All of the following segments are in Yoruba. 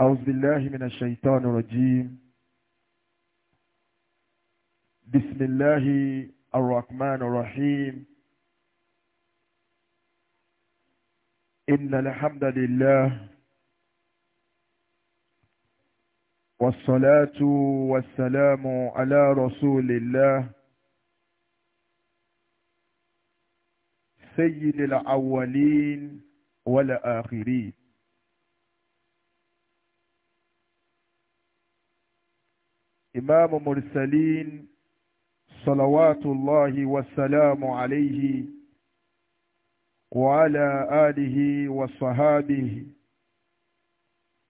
أعوذ بالله من الشيطان الرجيم بسم الله الرحمن الرحيم إن الحمد لله والصلاة والسلام على رسول الله سيد الأولين والآخرين إمام مرسلين صلوات الله والسلام عليه وعلى آله وصحابه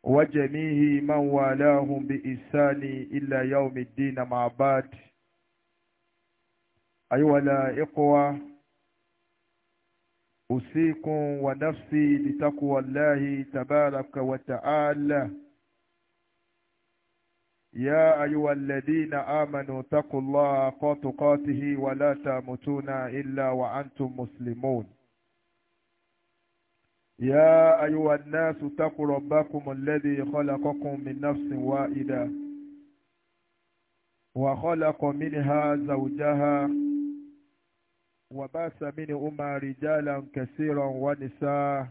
وجميع من والاهم بإحسان إلى يوم الدين مع بعد أيها الإخوة أوصيكم ونفسي بتقوى الله تبارك وتعالى يا أيها الذين آمنوا تقوا الله قاته ولا تموتون إلا وأنتم مسلمون يا أيها الناس تقوا ربكم الذي خلقكم من نفس واحدة وخلق منها زوجها وباس منهما رجالا كثيرا ونساء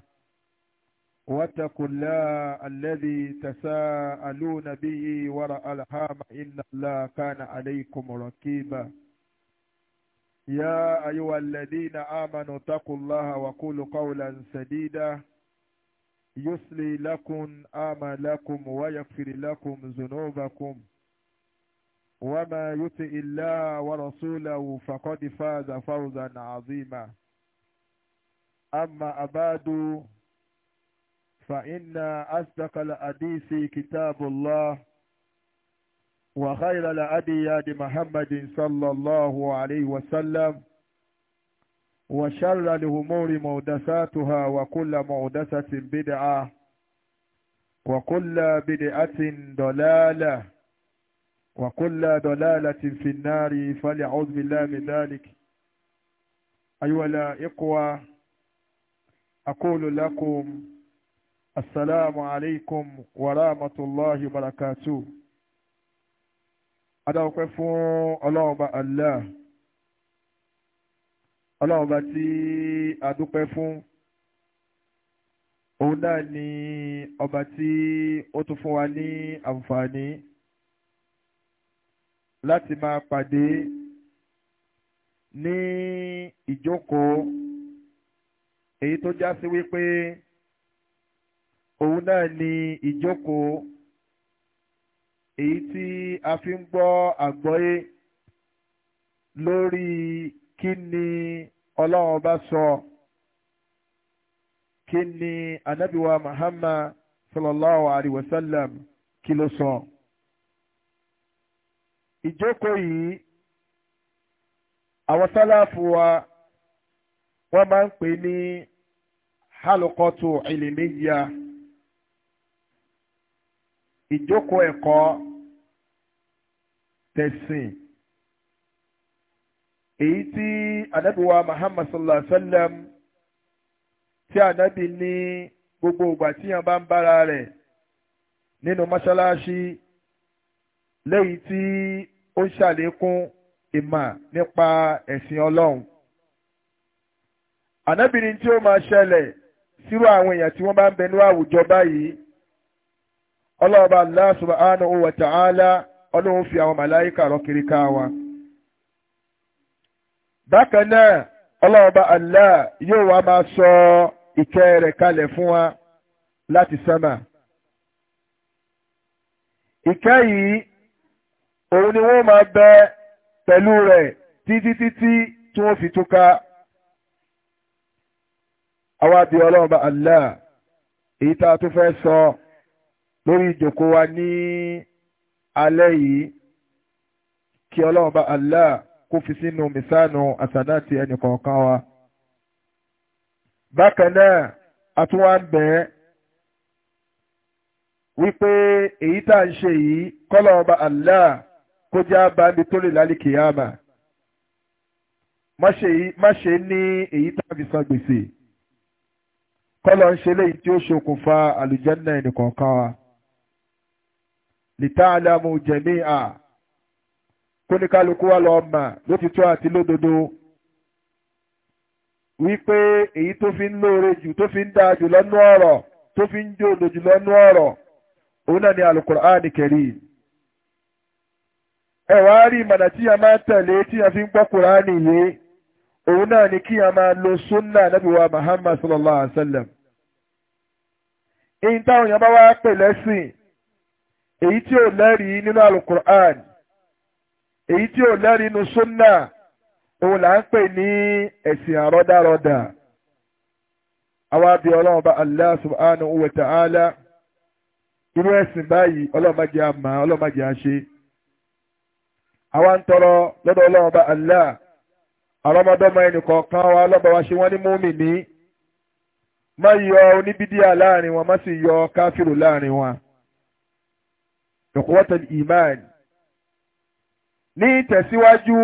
واتقوا الله الذي تساءلون به وراء الهام إن الله كان عليكم ركيبا يا أيها الذين آمنوا اتقوا الله وقولوا قولا سديدا يصلي لكم آمالكم ويغفر لكم ذنوبكم وما يطع الله ورسوله فقد فاز فوزا عظيما أما أباد فإن أصدق الحديث كتاب الله وخير الأدي يد محمد صلى الله عليه وسلم وشر الأمور مودساتها وكل مودسة بدعة وكل بدعة ضلالة وكل ضلالة في النار فليعوذ بالله من ذلك أيها الإخوة أقول لكم السلام عليكم ورحمة الله وبركاته adáwọ̀pẹ́ fún ọlọ́ọ̀bá Allah ọlọ́ọ̀bá tí a dúpẹ́ fún òun náà ni ọba tí ó tún fún wa ní àǹfààní láti máa pàdé ní ìjókòó èyí tó já sí wípé. òun náà ni ìjókòó èyí tí a fi ń gbọ́ àgbọ́yé lórí kí ni ọlọ́run sọ kí ni Muhammad sallallahu alayhi kí ló sọ. ìjókòó yìí àwọn wa wọ́n máa ń pè ìjókòó ẹ̀kọ́ tẹ̀sìn èyí tí anábìwá Muhammad sallallahu alaihi wa sallam tí anábì ní gbogbo ìgbà tí yàn bá ń bára rẹ̀ nínú mọ́ṣáláṣí lẹ́yìn tí ó ń ṣàlékún ìmọ̀ nípa ẹ̀sìn ọlọ́run. anábìrin tí ó máa ṣẹlẹ̀ sírò àwọn èèyàn tí wọ́n bá ń bẹ àwùjọ báyìí ọlọ́ọ̀bá Allah subhanahu wa ta'ala ọlọ́run fi àwọn màláíkà rọ́ kiri ká wa. bákan náà ọlọ́ọ̀bá alá yóò wá máa sọ ìkẹ́ rẹ̀ kalẹ̀ fún wa láti sánmà. ìkẹ́ yìí òun ni wọ́n máa bẹ pẹ̀lú rẹ̀ títí títí tí wọ́n fi túká. àwa bí ọlọ́ọ̀bá alá èyí tá a tún fẹ́ sọ. So, lórí ìjòkó wa ní alẹ́ yìí kí ọlọ́run bá Allah kó fi sínú mìsánù àsàdáàtì ẹnìkọ̀ọ̀kan wa. bákan náà a tún wá ń bẹ̀ ẹ́ wípé èyí tá à ń ṣe yìí kọ́lọ́run bá Allah kó jẹ́ abáńbi tó lè lálẹ́ kìyàmà má ṣe ní èyí tá a fi san gbèsè kọ́lọ́run ṣe léyìí tí ó ṣokùnfà àlùjánnà ẹnìkọ̀ọ̀kan wa lìtàlámù jẹ̀míà kóníkálukú wa lọ mà lótìtọ́ àti lódodo wípé èyí tó fi ń lóore jù tó fi ń dáa jù lọ́nú ọ̀rọ̀ tó fi ń jòlò jù lọ́nú ọ̀rọ̀ òun náà ni alukur'ani karim ẹ wá rí ìmọ̀nà tí a máa ń tẹ̀lé tí a fi ń gbọ́ kur'ani yìí òun náà ni kí a máa lo sunna nabi wa muhammad sallallahu alaihi wa sallam èyí táwọn èèyàn bá wá pè lẹ́sìn èyí tí o lẹ́rìí nínú alukur'an èyí tí o lẹ́rìí nínú sunna òun là ń pè ní ẹ̀sìn àrọ́dàrọ́dà àwa bí ọlọ́run bá allah subhanahu wa ta'ala irú ẹ̀sìn báyìí ọlọ́run má jẹ́ ọlọ́run a àwa ń tọrọ lọ́dọ̀ ọlọ́run bá allah àrọ́mọdọ́mọ ẹnìkọ̀ọ̀kan wa wa ṣe wọ́n ní má yọ oníbídíà láàrin wọn má sì yọ ìkọ́wọ́tàn ìmáàni. ní ìtẹ̀síwájú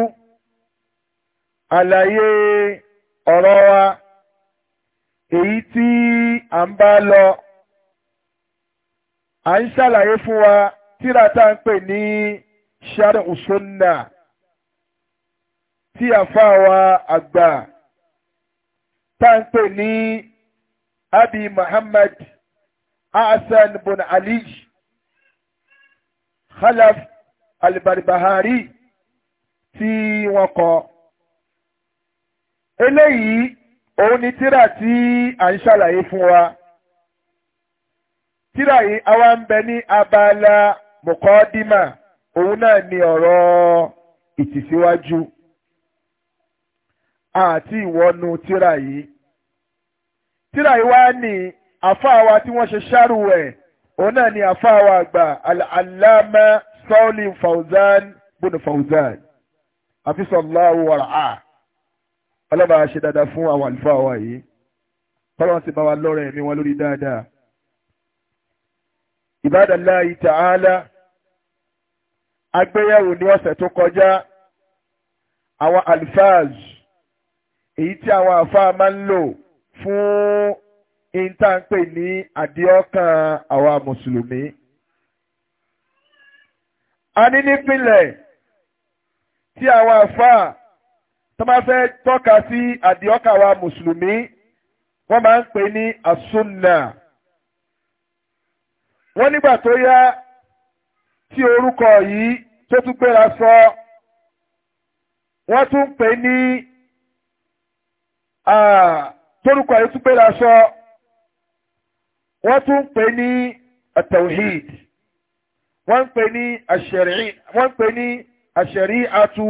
àlàyé ọ̀rọ̀ wa èyí tí à ń bá lọ à ń ṣàlàyé fún wa tíra tá à ń pè ní sharh sunna tí àfáà wa àgbà tá ń pè ní abi muhammad hasan bin ali khalaf alibarbahari tí wọ́n kọ eléyìí òun ni tíra tí à ń ṣàlàyé fún wa tíra yìí àwa ń bẹ ní abala mọ̀kọ́dímà òun náà ni ọ̀rọ̀ ìtìsíwájú àti ìwọ́nu tíra yìí tíra yìí wá ní àfáà wa tí wọ́n ṣe ṣáàrù ẹ̀ òun náà ni àfáàwọ̀ àgbà aláàmà sọ́ọ̀lì Fawzan bùnú Fawzan àfisọ̀láwò wàrà ọlọ́ba ṣe dáadáa fún àwọn àlùfáà wa yìí kọ́lọ́n ti bá wa lọ́rọ̀ ẹ̀mí wọn lórí dáadáa Ibadallahi ta'ala agbéyẹ̀wò ní ọ̀sẹ̀ tó kọjá àwọn alfaz èyí tí àwọn àfáà máa ń lò fún in tá ń pè ní àdíọ́kàn àwa mùsùlùmí. a ní nípìnlẹ̀ tí àwa àfáà tó bá fẹ́ tọ́ka sí àdíọ́kàn àwa mùsùlùmí wọ́n máa ń pè ní àsúnà. wọ́n nígbà tó yá tí orúkọ yìí tó tún gbéra sọ wọ́n tún pè ní torúkọ yìí tún gbéra sọ wọ́n tún pè ní atawhid wọ́n pè ní ashari wọ́n pè ní ashari atu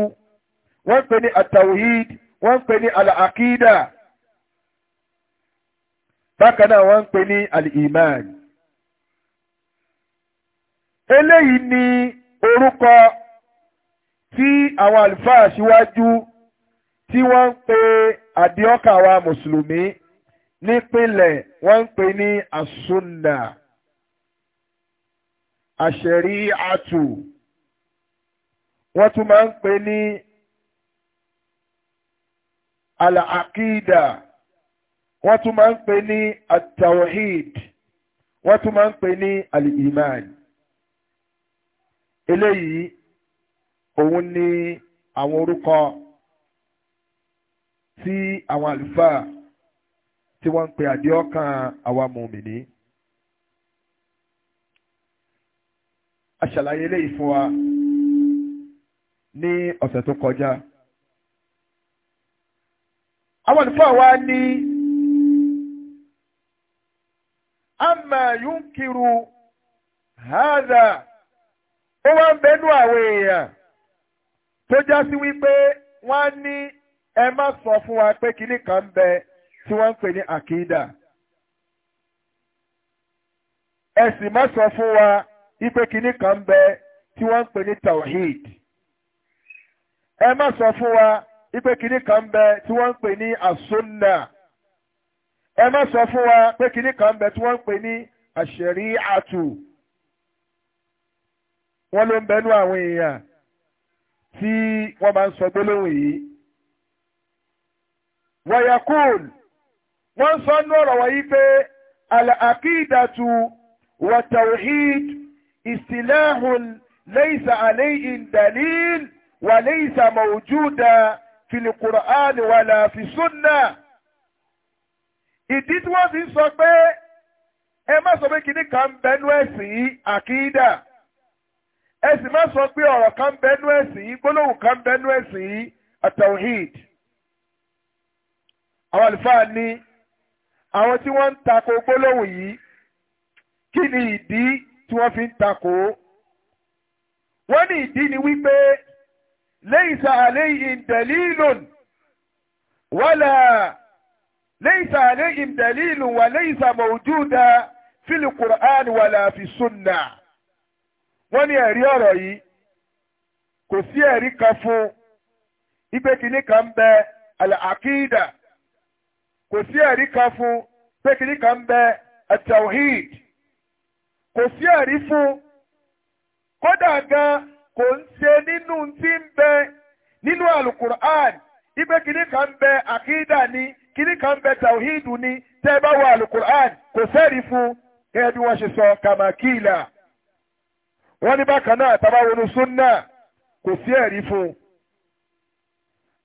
wọ́n pè ní atawhid wọ́n pè ní alakida bákan náà wọ́n pè ní al eléyìí ni orúkọ tí àwọn àlùfáà síwájú tí wọ́n ń pe àdìọ́kà wa mùsùlùmí nípínlẹ̀ wọ́n ń pè ní àsúnà àṣẹ̀rí àtù wọ́n tún máa ń pè ní àlàákìdà wọ́n tún máa ń pè ní àtàwọ̀hìd wọ́n tún máa ń pè ní àlìmáàn eléyìí òun ni àwọn orúkọ tí àwọn àlùfáà tí wọ́n ń pe àdéhọ́kàn àwa mùmìnì. aṣàlàyé eléyìí fún wa ní ọ̀sẹ̀ tó kọjá. àwọn olùfọ́ wa ní àmà yúnkìrù hàdà ó wá ń bẹnu àwọn èèyàn tó já sí wípé wọ́n á ní ẹ má sọ fún wa pé kinní kan ń bẹ. tí wọ́n ń pè ní àkídà. ẹ má sọ fún wa ipe kìíní kan ń bẹ tí wọ́n ń pè ní tawhid. ẹ má sọ fún wa ipe kìíní kan ń bẹ tí wọ́n ń pè ní asunna. ẹ má sọ fún wa pé kìíní kan ń bẹ tí wọ́n ń pè ní àṣẹríàtù. wọ́n ló ń bẹnu àwọn èèyàn tí wọ́n máa ń sọ gbólóhùn yìí. wọ́yà kúl. Cool. wọ́n sọ ní ọ̀rọ̀ wọ̀nyí pé al-aqidatu wa tawhid istilahun laysa alayhi dalil wa laysa mawjuda fil Qur'an wala fi sunnah. ìdí tí wọ́n fi ń sọ pé ẹ má sọ pé kinní kan bẹnu ẹ̀sìn yìí àkídà ẹ sì má sọ pé ọ̀rọ̀ kan bẹnu ẹ̀sìn yìí gbólóhùn kan bẹnu ẹ̀sìn yìí at àwọn àlùfáà ní àwọn tí wọ́n ń takò gbólóhùn yìí kí ni ìdí tí wọ́n fi ń takò ó wọ́n ní ìdí ni wípé laysa alayhim dalilun wala laysa alayhim dalilun wa laysa mawjuda fil Qur'an wala fi sunnah wọ́n ní ẹ̀rí ọ̀rọ̀ yìí kò sí ẹ̀rí kan fún ipe kìíní kan bẹ al kò sí ẹ̀rí kan fún pé kìíní kan ń bẹ at-tawhid kò sí ẹ̀rí fún kódà gan kò ń ṣe nínú tí ń bẹ nínú alukur'an ibẹ̀ kìíní kan ń bẹ àkídà ni kìíní kan ń bẹ tawhid ni tẹ́ bá wọ alukur'an kò sẹ́rí fún gẹ́gẹ́ bí wọ́n ṣe sọ kàmákìlà wọ́n ní bákan náà tá wọnú súnnà kò sí ẹ̀rí fún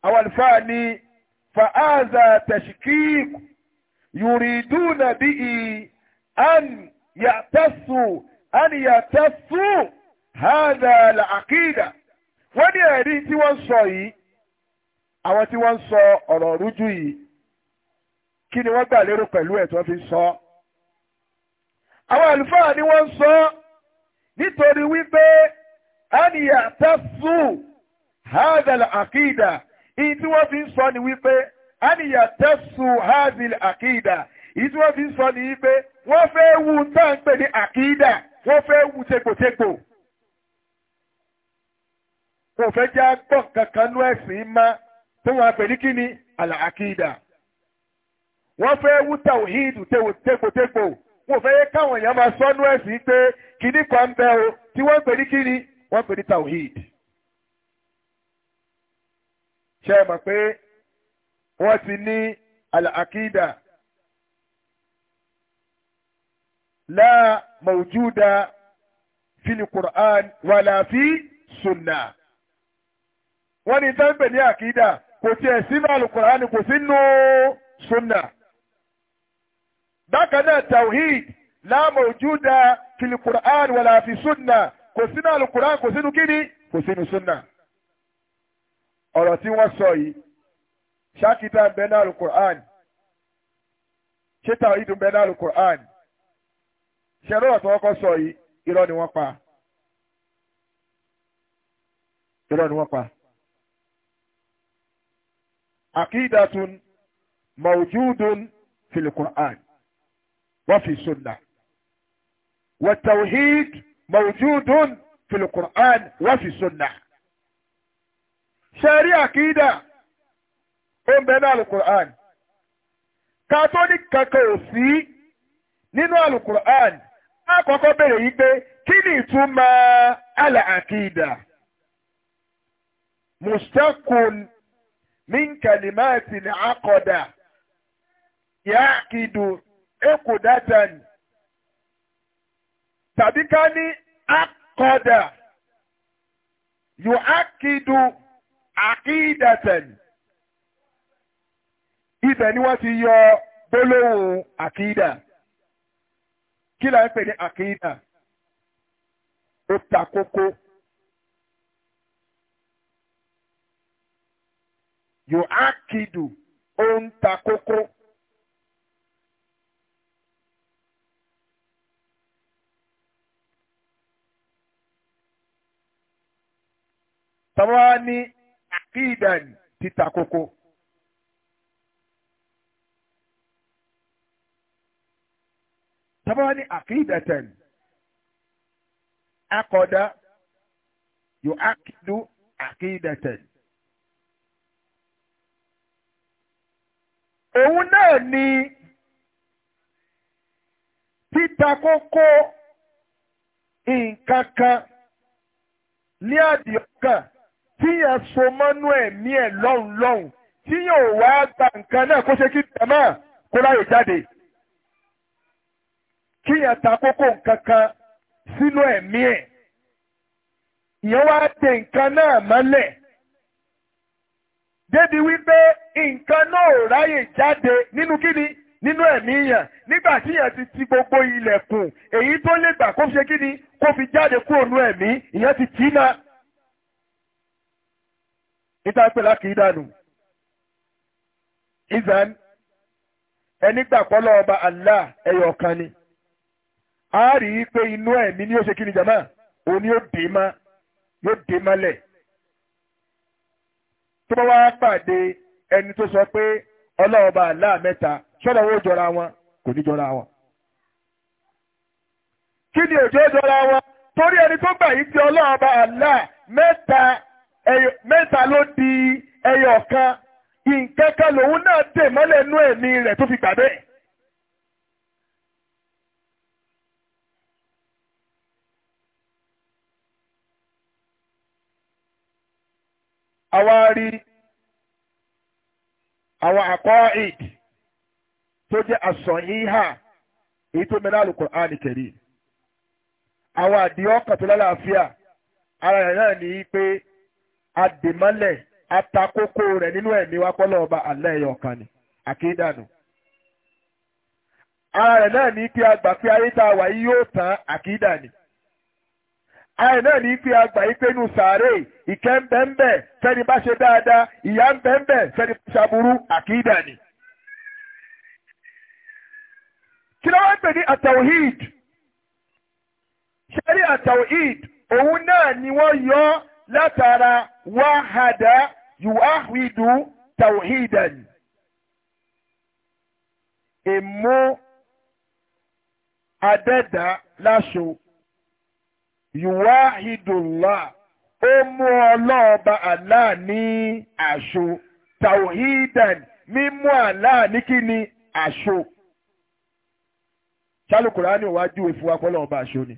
àwọn àlùfáà ní. فآذا تشكيك يريدون به أن يعتصوا أن يعتصوا هذا العقيدة wọ́n ní ẹ̀rí tí wọ́n sọ yìí àwọn tí wọ́n sọ ọ̀rọ̀ rújú yìí kí ni wọ́n gbà lérò pẹ̀lú ẹ̀ tí wọ́n fi sọ àwọn àlùfáà ni wọ́n sọ nítorí wípé أن يعتصوا هذا العقيدة ìyí tí wọ́n fi ń sọ ni wípé àníyàn tẹ́sù hazil àkìdà ìyí tí wọ́n fi ń sọ ni wípé wọ́n fẹ́ wù táà ń pè ní àkìdà wọ́n fẹ́ wù tegbòtegbò kò fẹ́ já gbọ́ kankan nú ẹ̀sìn má tó wọn pè ní kí ni àlàkìdà wọ́n fẹ́ wù tàwíìdù tegbòtegbò kò fẹ́ yẹ káwọn èèyàn máa sọ́nú ẹ̀sìn pé kìnnìkan ń o tí wọ́n pè ní kí ni wọ́n pè ní tàwíìdù ṣe é mọ̀ pé wọ́n ti ní al-aqida la mawjuda fil Qur'an wala fi sunnah wọ́n ní tẹ́ńpẹ̀ ní àkídà kò tiẹ̀ sínú al-Qur'an kò sínú sunnah bákan náà tawhid la mawjuda fil Qur'an wala fi sunnah kò sínú al kò sínú kíni kò sínú sunnah ọ̀rọ̀ tí wọ́n sọ yìí ṣákìtà ń bẹ náà lu Qur'an ṣètà ìdùn bẹ náà lu Qur'an ṣẹlẹ ọ̀rọ̀ tí wọ́n kọ́ sọ yìí irọ́ ni wọ́n pa irọ́ ni wọ́n pa. àkìdàtún mawjúdùn fil Qur'an wa fi sunnah wa tawhid mawjúdùn fil Qur'an wa fi sunnah ṣẹ̀rí àkídà ó ń bẹ ní alukur'an katolic kankan ò sí nínú alukur'an àkọ́kọ́ béèrè yìí pé kí ni ìtumọ̀ àlà àkídà mustakun min kalimatin aqada yaakidu ekudatan tàbí ká ní akọdà yòákidu àkídẹ̀tẹ̀n ibẹ̀ ni wọ́n ti yọ gbólóhùn àkídà kí là ń pè ní àkídà ó ta kókó yóò ákìdù ó ń ta kókó. tọ́wọ́ ní tàkìdàn títa kókó. tabawani akidatan akoda yu akidu akidatan. òun náà ni títa kókó nǹkan kan ní àdìọ́kàn tíyàn so mọ́nú ẹ̀mí ẹ̀ lọ́hùn lọ́hùn tíyàn ò wá gba nǹkan náà kó ṣe kí tẹ̀mọ́ kó láyè jáde kíyàn ta kókó nǹkan kan sínú ẹ̀mí ẹ̀ ìyẹn wá de nǹkan náà mọ́lẹ̀ débi wípé nǹkan náà ò ráyè jáde nínú kíni nínú ẹ̀mí yàn nígbà tí yàn ti ti gbogbo ilẹ̀kùn èyí tó lè gbà kó ṣe kíni kó fi jáde kúrò nínú ẹ̀mí ìyẹn ti tì í náà níta pé lákìídà nù izan ẹni gbàpọ́lọ́ ọba Allah ẹyọ kan ni a rí i pé inú ẹ̀mí ni ó ṣe kí ni jama òun yóò dé má yóò dé mọ́lẹ̀ tó bá wá pàdé ẹni tó sọ pé ọlọ́ọ̀ba Allah mẹ́ta sọ́dọ̀ wo jọra wọn kò ní jọra wọn kí ni òjò jọra wọn torí ẹni tó gbà yìí ti ọlọ́ọ̀ba Allah mẹ́ta mẹ́ta ló di ẹyọ kan nǹkan kan lòun náà dè mọ́lẹ̀ inú ẹ̀mí rẹ̀ tó fi gbà bẹ́ẹ̀. àwa rí àwọn àkọ́ èdè tó jẹ́ àsọ̀yìnhà èyí tó mẹ́lá Al-Qur'an Karim àwọn àdìọ́kàn tó lálàáfíà ara rẹ̀ náà ní í pé. àdèmọ́lẹ̀ atakókó rẹ̀ nínú ẹ̀mí wa pọ́lọ́ ọba àlẹ́ ẹ̀yọ̀ kan ni àkédànù. ara rẹ̀ náà ní kí a gbà pé ayé tá a wà yìí yóò tán àkédànì. ara rẹ̀ náà ní kí a gbà pé inú sàárè ìkẹ́ ń bẹ sẹ́ni bá ṣe dáadáa ìyà ń bẹ sẹ́ni bá ṣàbùrú àkédànì. kí ló wá ń pè ní àtàwíìd ṣe rí àtàwíìd òun náà ni wọ́n yọ ọ́ látara wáhádà yuwáhídù tawhidan èmú adẹ́dà láṣọ yuwáhídùlá ó mú ọlọ́ọ̀ba àlá ní àṣọ tawhidan mímú àlá ní kíni àṣọ sálùkùrá ní ìwájú ìfúwakọ́lọ́ ọba àṣọ ni.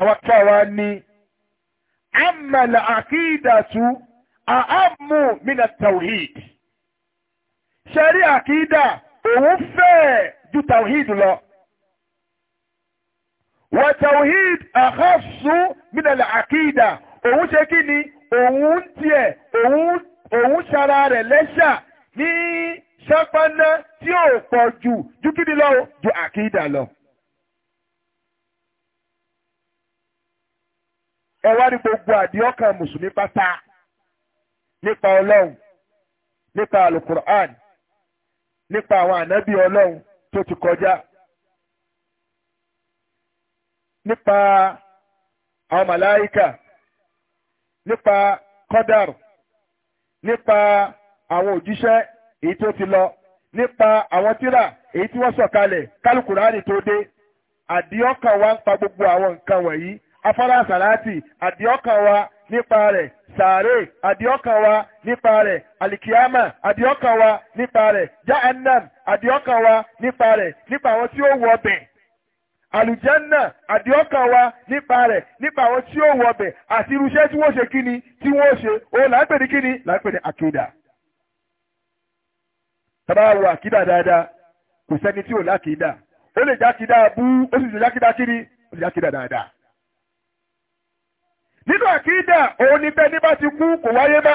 àwọn tó àwa ní. أما العقيدة أهم من التوحيد ṣẹ́rí àkídà òun fẹ́ ju tawhid lọ. wà tawhid àkásù mínàlẹ̀ àkídà òun ṣe kí ni òun tiẹ̀ òun ṣara rẹ̀ lẹ́ṣà ní ṣápáná tí ò pọ̀ jù ju kí ni lọ ju àkídà lọ. ẹ wá ní gbogbo àdìọ́kàn mùsùlùmí pátá nípa ọlọ́run nípa alukur'an nípa àwọn ànábì ọlọ́run tó ti kọjá nípa àwọn màláìkà nípa kọ́dàr nípa àwọn òjíṣẹ́ èyí tó ti lọ nípa àwọn tírà èyí tí wọ́n sọ̀kalẹ̀ kálukùránì tó dé àdìọ́kàn wa ń pa gbogbo àwọn nǹkan wọ̀nyí afárá sàláàtì àdìọ́kàn wa nípa rẹ̀ sàárè àdìọ́kàn wa nípa rẹ̀ alikiyama àdìọ́kàn wa nípa rẹ̀ jahannam àdìọ́kàn wa nípa rẹ̀ nípa àwọn tí ó wọ ọbẹ̀ àlùjànnà àdìọ́kàn wa nípa rẹ̀ nípa àwọn tí ó wọ ọbẹ̀ àti irúṣẹ́ tí wọ́n ṣe kíni tí wọ́n ṣe òun là ń ní kíni là ní àkídà tàbá wo àkídà dáadáa kò sẹ́ni tí ò lákìídà ó lè jákìídà bú ó sì lè jákìídà kiri ó lè jákìídà dáadáa nínú àkídà òun ni bẹ́ẹ̀ ní bá ti kú kò wáyé bá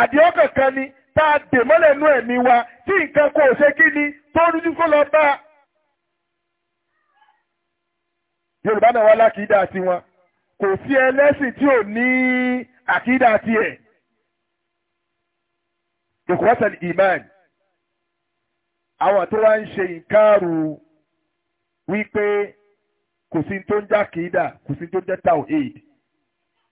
àdìọ́ kankan ni tá a dè mọ́lẹ̀ nú ẹ̀mí wa tí nǹkan kò ṣe kí ni tó rújú kó lọ bá Yorùbá náà wá lákìídà tiwọn kò sí ẹlẹ́sìn tí ò ní àkídà tiẹ̀ ìkọ́sẹ̀lì imán àwọn tó wá ń ṣe ìkárù wípé kò sí tó ń já kéèdà kò sí tó ń jẹ́ tau aid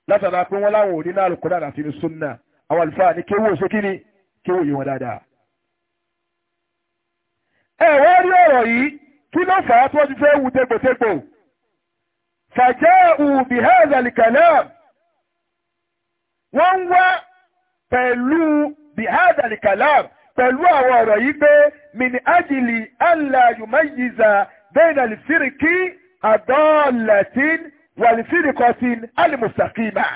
látara pé wọ́n láwọn òní náà lùkọ́ dáadáa sínú súnà àwọn àlùfáà ní kéwò ṣé kí ni kéwò yìí wọn dáadáa. ẹ wọ́n rí ọ̀rọ̀ yìí kí ló fà á tí wọ́n ti fẹ́ wù tégbòtégbò fàjẹ́ ùbí hẹ́ẹ̀zẹ̀lì kẹlẹ́ wọ́n ń wá pẹ̀lú bí hẹ́ẹ̀zẹ̀lì kẹlẹ́ pẹ̀lú àwọn ọ̀rọ̀ yìí pé mini ajili allah yumayiza bẹ́ẹ̀ àdọ́ọ̀lẹ̀tín wàlífìrìkọ́tín alimusakima.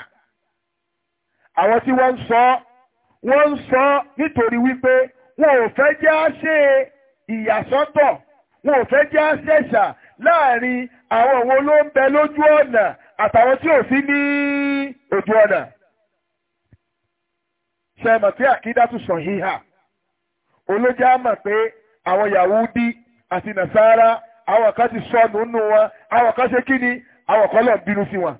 àwọn tí wọ́n ń sọ wọ́n ń sọ nítorí wípé wọn ò fẹ́ jẹ́ á ṣe ìyàsọ́tọ̀ wọn ò fẹ́ jẹ́ á ṣẹ̀ṣà láàrin àwọn òun ló ń bẹ lójú ọ̀nà àtàwọn tí ò sí ní ojú ọ̀nà. ṣe mọ̀ pé àkídá tún sọ híhà olójà mọ̀ pé àwọn Yahudi àti Nasara àwọn kan ti sọnù nù wọn àwọn kan ṣe kí ni àwọn kan lọ bínú sí wọn.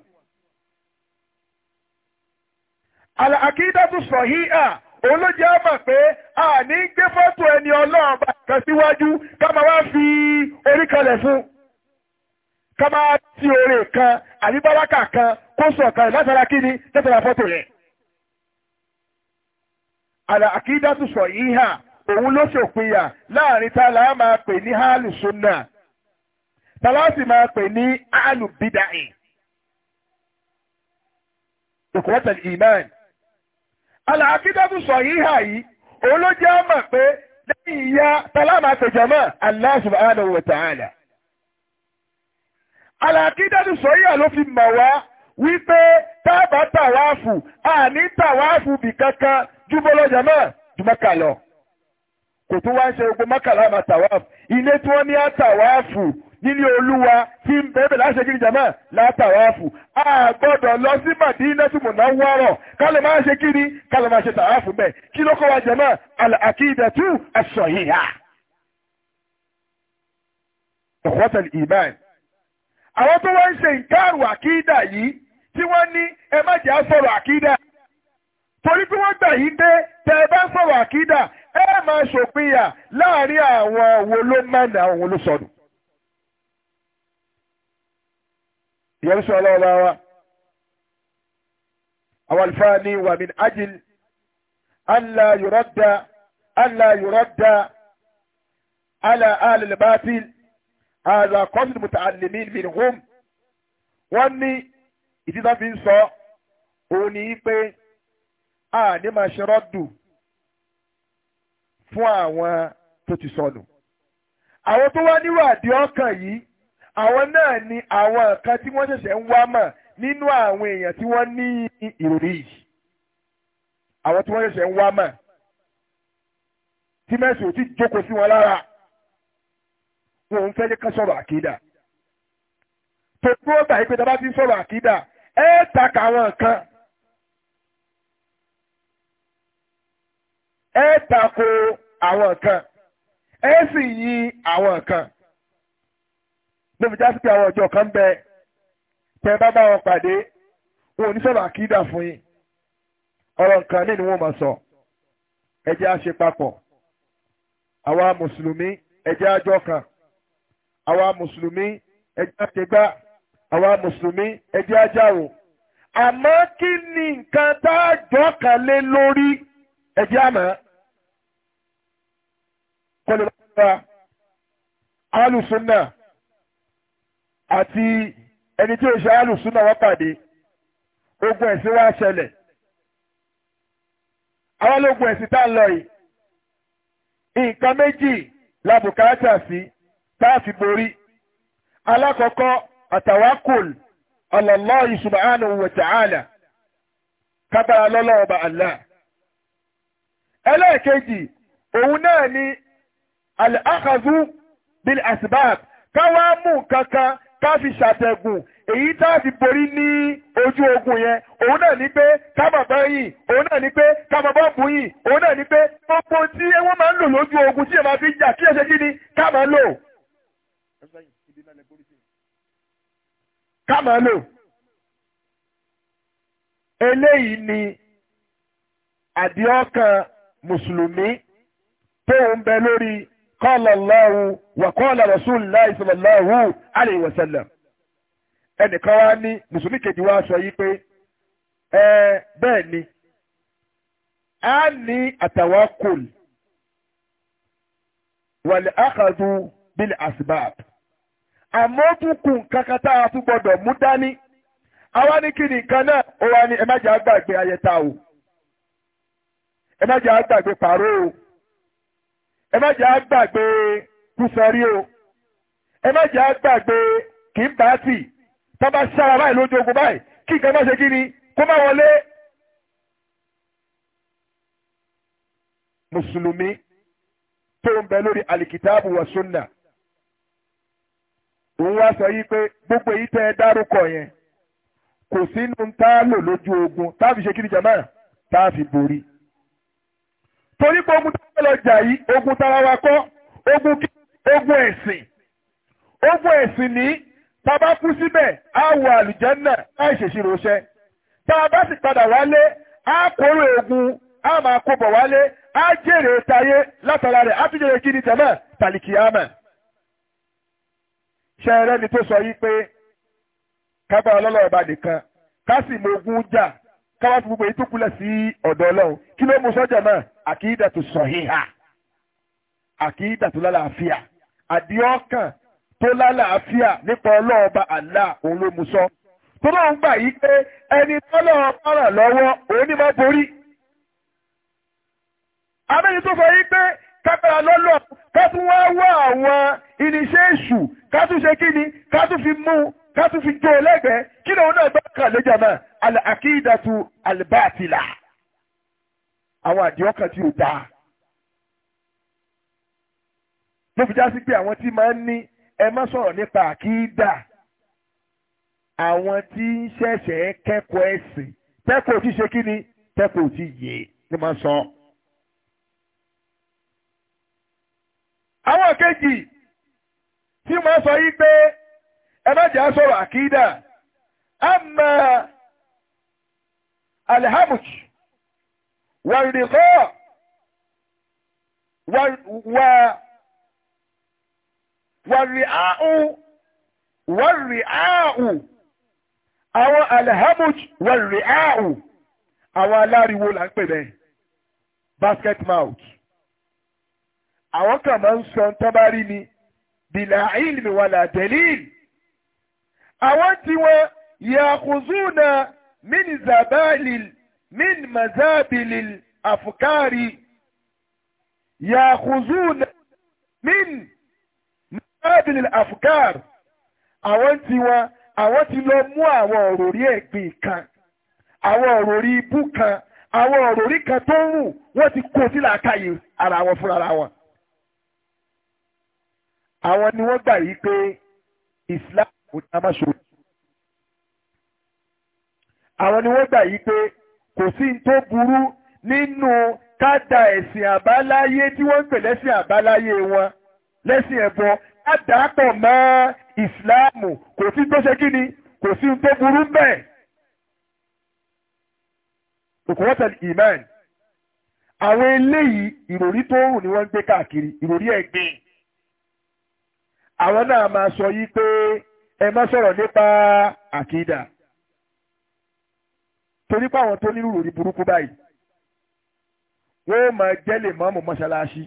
àlà àkídàtú sọ̀híà òun ló jẹ́ àmà pé a ní gbé fọ́tò ẹni ọlọ́run bá kan síwájú ká máa wá fi orí kalẹ̀ fún ká máa ti oore kan àbí bárákà kan kó sọ̀kan látara kí ni látara fọ́tò yẹn àkídàtù sọ yìí hàn òun ló ṣòpinya láàrin tá a máa pè ní hálù súnà tàlásì máa pè ní alùbídàì ìkọ́tẹ̀lì iman alàkídàtù sọ yìí hà yìí òun ló jẹ́ ọmọ pé lẹ́yìn ìyá tàlámà àtẹ̀jọ́mọ́ Allah subhanahu wa ta'ala alàkídàtù sọ yìí hà ló fi mọ̀ wá wípé tábà tàwáàfù àní tàwáàfù bì kankan júbọ́lọ́jọ́mọ́ jùmọ́kà lọ kò tún wá ń ṣe gbogbo mọ́kànlá àmà tàwáàfù ilé tí wọ́n ní àtàwáàfù nílé olúwa tí ń bẹ́ẹ̀ bẹ̀rẹ̀ láṣẹ kí ni jàmá látàwáàfù a gbọ́dọ̀ lọ sí Madinatu Munawwarah ká lè máa ṣe kí ni ká lè máa ṣe tàwáàfù bẹ́ẹ̀ kí ló kọ́ wa jàmá al-aqidatu as-sahiha. ikhwatal iman àwọn tó wá ń ṣe ìkárù àkídà yìí tí wọ́n ní ẹ má jẹ́ sọ̀rọ̀ àkídà torí tí wọ́n gbà yí dé tẹ ẹ bá sọ̀rọ̀ àkídà ẹ máa ṣòpinya láàrin àwọn wo ló mọ̀nà àwọn wo ló sọnù. ìyẹn sọ ọlọ́ọ̀bá wa àwọn àlùfáà ní wà min ajil alla yuradda alla yuradda ala alil batil ala qawmin muta'allimin minhum wọ́n ní ìdíjọ́ fi ń sọ òun ní pé a ní máa ṣe rọ́dù fún àwọn tó ti sọnù àwọn tó wá níwà àdìọ́kàn yìí àwọn náà ni àwọn kan tí wọ́n ṣẹ̀ṣẹ̀ ń wá mọ̀ nínú àwọn èèyàn tí wọ́n ní ìròrí yìí àwọn tí wọ́n ṣẹ̀ṣẹ̀ ń wá mọ̀ tí mẹ́sàn ò ti jókòó sí wọn lára wọn ò ń fẹ́ ká sọ̀rọ̀ àkídà tó dúró gbà yí pé tá a bá ti sọ̀rọ̀ àkídà ẹ takà àwọn nǹkan ẹ tako àwọn nǹkan ẹ sì yin àwọn nǹkan. ló fi já sí pé àwọn ọjọ́ kan bẹ tẹ bá bá wọn pàdé wọn ò ní sọ̀rọ̀ àkídà fún yín ọ̀rọ̀ nǹkan ní ni wọ́n máa sọ ẹ jẹ́ á ṣe papọ̀ àwa mùsùlùmí ẹ jẹ́ á jọ kan àwa mùsùlùmí ẹ jẹ́ á ṣe gbá àwa mùsùlùmí ẹ jẹ́ àmọ́ kí ni nǹkan tá a jọ kan lé lórí ẹ àmọ́ kọ́lé wá. alùsùn náà àti ẹni tí òṣìṣẹ́ alùsùn náà wọ́n pàdé ogun ẹ̀sìn wá ṣẹlẹ̀ àwọn ológun ẹ̀sìn tá ń lọ yìí nǹkan méjì la bùkátà sí tá a fi borí alákọ̀ọ́kọ́ àtàwákùl alallahi subhanahu wa ta'ala kábàrà lọ́lọ́wọ́ bá Allah ẹlẹ́ẹ̀kejì òun náà ni al-akhadhu bil asbab káwá mú kankan ká fi ṣàtẹ̀gùn èyí tá a fi borí ní ojú ogun yẹn òun náà ní pé ká má bá yìn òun náà ní pé ká má bá bù yìn òun náà ní pé gbogbo tí wọ́n máa ń lò lójú ogun tí ẹ fi jà kí ẹ kí ni ká máa lò. ká máa lò. eléyìí ni àdìọ́kàn mùsùlùmí tóun bẹ lórí قال الله وقال رسول الله صلى الله عليه وسلم ẹnì kan wá ní mùsùlùmí kejì wá sọ yìí pé ẹ bẹ́ẹ̀ ni a ní àtàwákùl wàlẹ̀ àkàdù bílẹ̀ àsìbáàb àmọ́ tún kù kankan tá a tún gbọ́dọ̀ mú dání àwa ní kí nìkan náà ó wá ní ẹ má jẹ́ àgbàgbé ayẹta o ẹ má jẹ́ àgbàgbé pàrọ̀ o ẹ má jẹ́ àgbàgbé kùsọ̀rí o ẹ má jẹ́ àgbàgbé kì í bá tì tó bá sára báyìí lójú ogun báyìí kí nǹkan má ṣe kí ni kó má wọlé. mùsùlùmí tó ń bẹ lórí alikitaabu wa sunna òun wá sọ yìí pé gbogbo èyí tẹ́ ẹ dárúkọ yẹn kò sínú tá a lò lójú ogun tá a fi ṣe kí ni jàmáà tá a fi borí torí pé ogun tó lọ jà yìí ogun tara wa kọ́ ogun kí ogun ẹ̀sìn ogun ẹ̀sìn ní tàbá kú síbẹ̀ á wọ àlùjànnà láì ṣèṣirò ṣẹ tá a bá sì padà wálé á kórè ogun á máa kó bọ̀ wálé á jèrè tayé látara rẹ̀ á tún jèrè kí ni jẹ̀mọ́ tàlìkìyàmẹ́ ṣẹ́rẹ́ ni tó sọ yí pé kábà ọlọ́lọ́ ọba nìkan ká sì mọ ogun jà káwá fún gbogbo èyí tó kulẹ̀ sí ọ̀dọ̀ ọlọ́run kí ló mú sọ́jà náà àkìdàtú sọ̀híhà àkìdàtú lálàáfíà àdìọ́kàn tó lálàáfíà nípa ọlọ́ọ̀ba àlá òun ló mú sọ. tó náà ń gbà yí pé ẹni tọ́lọ́ ọ̀rọ̀ lọ́wọ́ òun ni máa borí. abẹ́yìn tó fọ yí pé kápẹ́ra lọ́lọ́ ká tún wá wá àwọn irinṣẹ́ èṣù ká tún ṣe kí ká tún fi mú ká tún fi jó lẹ́gbẹ̀ẹ́ kí lóun náà gbọ́ kàn lójà náà àkìdàtú àlìbáàtìlà àwọn àdìọ́kàn tí ò dáa ló fi já sí pé àwọn tí máa ń ní ẹ má sọ̀rọ̀ nípa àkídà àwọn tí ń ṣẹ̀ṣẹ̀ kẹ́kọ̀ọ́ ẹ̀sìn tẹ́kọ̀ọ́ tí ṣe kí ni tẹ́kọ̀ọ́ tí yé ni máa sọ. àwọn kejì tí wọ́n sọ yí pé ẹ má jà sọ̀rọ̀ àkídà àmà alhamdulilayi. والرضا والرعاء والرعاء أو الهمج والرعاء أو الاريو لأكبر basket mouth àwọn kan máa ń sọ tó bá rí ni bìlà ilmi wàlà dẹ̀líl àwọn tí wọ́n yàkùzúnà mínizàbálìl من مزابل الأفكار يأخذون من مزابل الأفكار àwọn tí wọn àwọn tí lọ mú àwọn òròrí ẹ̀gbin kan àwọn òròrí ibú kan àwọn òròrí kan tó ń rùn wọ́n ti kó sí làákàyè ara wọn fúnra wọn. àwọn ni wọ́n gbà yí pé Islam kò ní máa ṣòro. àwọn ni wọ́n gbà yí pé kò sí tó burú nínú kádà ẹ̀sìn àbáláyé tí wọ́n ń pè lẹ́sìn àbáláyé wọn lẹ́sìn ẹ̀bọ kádàápọ̀ mọ́ ìsìláàmù kò sí tó ṣe kíni kò sí tó burú bẹ́ẹ̀. òkúwọ́tà iman àwọn eléyìí ìròrí tó rùn ni wọ́n ń gbé káàkiri ìròrí ẹ̀gbìn àwọn náà máa sọ yí pé ẹ má sọ̀rọ̀ nípa àkídà torí pé àwọn tó ní rúròrí burúkú báyìí wọ́n máa jẹ́ lè mọ́mù mọ́ṣáláṣí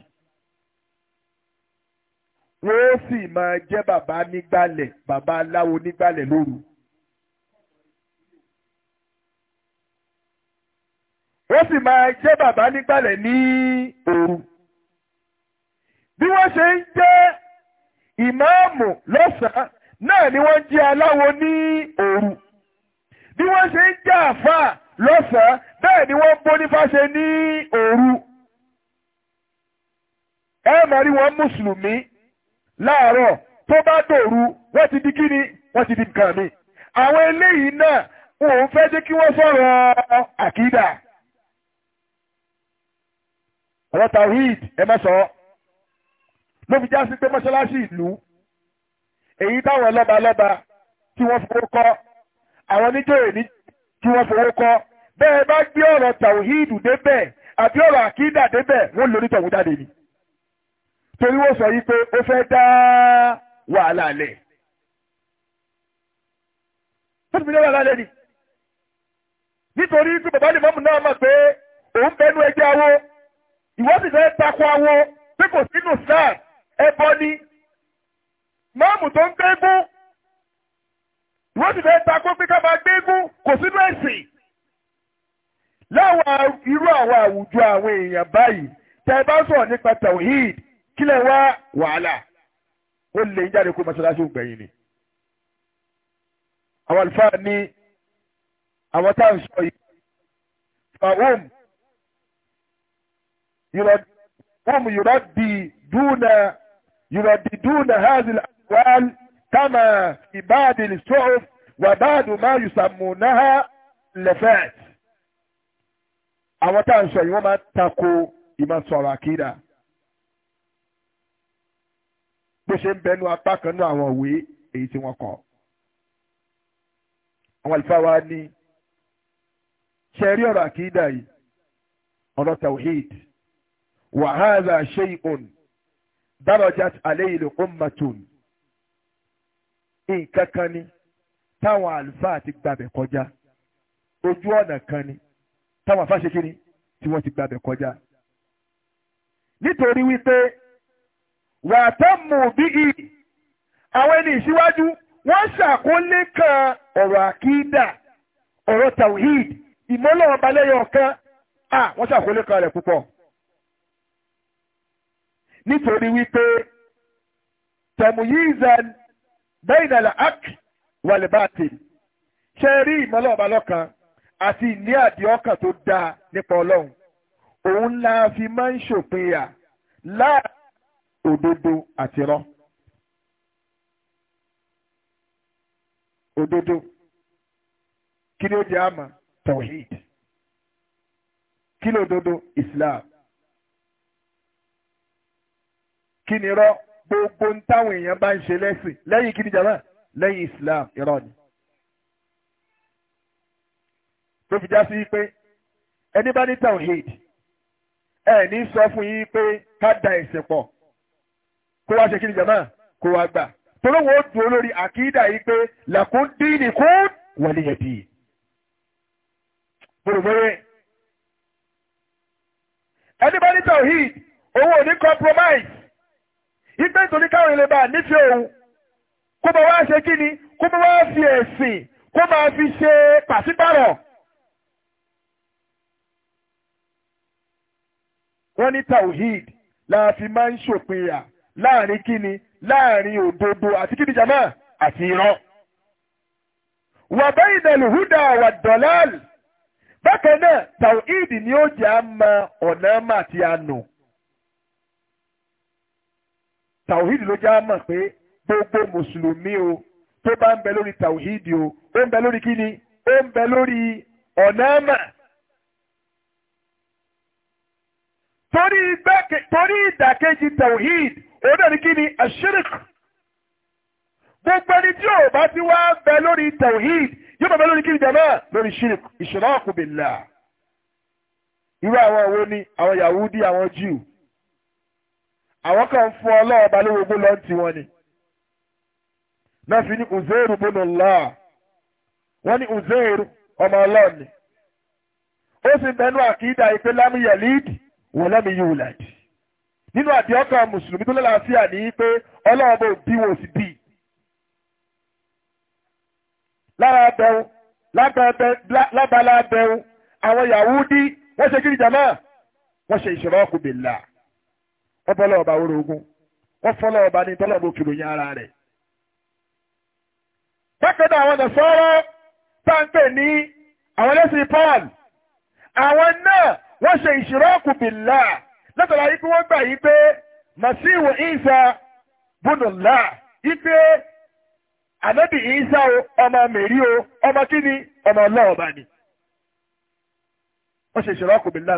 wọ́n sì máa jẹ́ bàbá nígbàlẹ̀ bàbá aláwo nígbàlẹ̀ lóru. wọ́n sì máa jẹ́ bàbá nígbàlẹ̀ ní òru. bí wọ́n ṣe ń jẹ́ ìmáàmù lọ́sàn-án náà ni wọ́n jẹ́ aláwo ní òru bí wọ́n ṣe ń jà àfà lọ́sàn-án bẹ́ẹ̀ ni wọ́n bónífá ṣe ní òru ẹ máa rí wọn mùsùlùmí láàárọ̀ tó bá dòru wọ́n ti di kíni wọ́n ti di nǹkan mi àwọn eléyìí náà òun fẹ́ jẹ́ kí wọ́n sọ̀rọ̀ àkídà ọ̀rọ̀ tawhid ẹ má sọ ló fi já sí pé mọ́ṣáláṣí ìlú èyí táwọn lọ́balọ́ba tí wọ́n fowó kọ́ àwọn oníjòyè ní tí wọ́n fowó kọ́ bẹ́ẹ̀ bá gbé ọ̀rọ̀ tàwíìdù débẹ̀ àbí ọ̀rọ̀ àkídà débẹ̀ wọ́n lórí tọ̀hún jáde ni torí wọ́n sọ yí pé ó fẹ́ dá wàhálà lẹ̀ tó ti fi dá wàhálà lẹ̀ ni nítorí pé bàbá lè mọ́mù náà mọ̀ pé òun bẹnu ẹgbẹ́ awo ìwọ́n sì fẹ́ takọ awo pé kò sínú sáà ẹbọ ni mọ́mù tó ń gbégún wọ́n sì fẹ́ takó pé ká máa gbégún kò sínú ẹ̀sìn láwọn irú àwọn àwùjọ àwọn èèyàn báyìí tẹ́ ẹ bá sọ̀rọ̀ nípa tawhid kílẹ̀ wá wàhálà ó lè ń jáde kó mọ́ṣáláṣí ògbẹ̀yìn ni. àwọn àlùfáà ní àwọn tá à ń sọ yìí fàwọn yìí rọ̀ bí dúnà yìí rọ̀ dúnà hazil wàhálà. كما في بعض الصحف وبعض ما يسمونها لفات àwọn tá à ń sọ yìí wọ́n máa tako ìmọ̀ sọ̀rọ̀ àkídà bó ṣe ń bẹnu apá kan nú àwọn òwe èyí tí wọ́n kọ. àwọn àlùfáà wa ní ṣe rí ọ̀rọ̀ àkídà yìí ọ̀rọ̀ tawhid wa hadha shay'un darajat alayhi al-ummatun nǹkan kan ni táwọn àlùfáà ti gbàbẹ̀ kọjá ojú ọ̀nà kan ni táwọn àfáà ṣe kí ni tí wọ́n ti gbàbẹ̀ kọjá. nítorí wípé wàá tán mú bí i àwọn ẹni ìṣíwájú wọ́n ṣàkólé kan ọ̀rọ̀ àkídà ọ̀rọ̀ tawhid ìmọ̀lọ́wọ́n balẹ̀ kan à wọ́n ṣàkólé kan rẹ̀ púpọ̀. nítorí wípé tẹ̀mùyíìzàn bẹ́ẹ̀nà làák wàlẹ̀ bá tè ṣe rí ìmọ̀lẹ́ ọba lọ́kan àti ìní àdí ọkàn tó dáa nípa ọlọ́run òun la fi máa ń ṣòpinya láàrin òdodo àti irọ́ òdodo kí ni ó jẹ́ àmà tawhid kí ni òdodo islam kí ni irọ́ gbogbo ń táwọn èèyàn bá ń ṣe lẹ́sìn lẹ́yìn kí ni jàmbá lẹ́yìn Islam irọ́ ni. tó fi já sí pé ẹni bá ní tawhid ẹ ní sọ fún yín pé ká da ẹ̀sìn pọ̀ kó wá ṣe kí ni jàmbá kó wá gbà tolówó dùn lórí àkídà yìí pé làkún dín ní kún wọlé yẹn dì Bòròbòrò ẹni bá ní tawhid owó ò ní compromise ìgbẹ́ ìtòní káwọn ilé bá nífẹ̀ẹ́ òun kó bá wá ṣe kí ni kó bá wá fi ẹ̀sìn kó máa fi ṣe pàṣípàrọ̀. wọ́n ní tawhid la fi máa ń ṣòpinya láàrin kíni láàrin òdodo àti kíni jama àti irọ́. wà báyìí nàlù húdà wà dọ̀láàlì bákan náà tawhid ni ó jẹ́ àmà ọ̀nà àmà àti ànù tawhid ló já mọ̀ pé gbogbo mùsùlùmí o tó bá ń bẹ lórí tawhid o ó ń bẹ lórí kíni ó ń bẹ lórí ọ̀nàmà. torí ìdàkejì tawhid ó dàbí kíni ashirik gbogbo ẹni tí ò bá ti wá bẹ lórí tawhid yóò bá bẹ lórí kíni jama lórí shirik ishraku billah irú àwọn wo ni àwọn yahudi àwọn Júù àwọn kan fún ọlọ́ọ̀bá lórogún lọ́n ti wọn ni náà fi ní uzeiru bónú lọ́à wọ́n ní uzeiru ọmọ ọlọ́ọ̀ni ó sì bẹnu àkídà ìpé lámìyà líìdì wọ́n lámìyà òlàdì nínú àti ọkàn mùsùlùmí tó lálàáfíà ní pé ọlọ́ọ̀bá òbí wọn sì bí lábala abẹ́wò àwọn Yahudi wọ́n ṣe kí ni wọ́n ṣe ìṣòro ọkùnrin bèèlà. ọbọlọ ọba wọrọ ogun wọ́n fọlọ ọba ní tọlọ bó ara rẹ̀. bákan àwọn nàṣọ́rọ́ táǹpẹ ní àwọn ẹlẹ́sìn Paul àwọn náà wọ́n ṣe ìṣirọ́ọ̀kù bìlá látara yìí pé wọ́n gbà yìí pé màsíwò ìsà bùnùlá yìí pé ànábì ìsà o ọmọ mèrí o ọmọ ọmọ ni wọ́n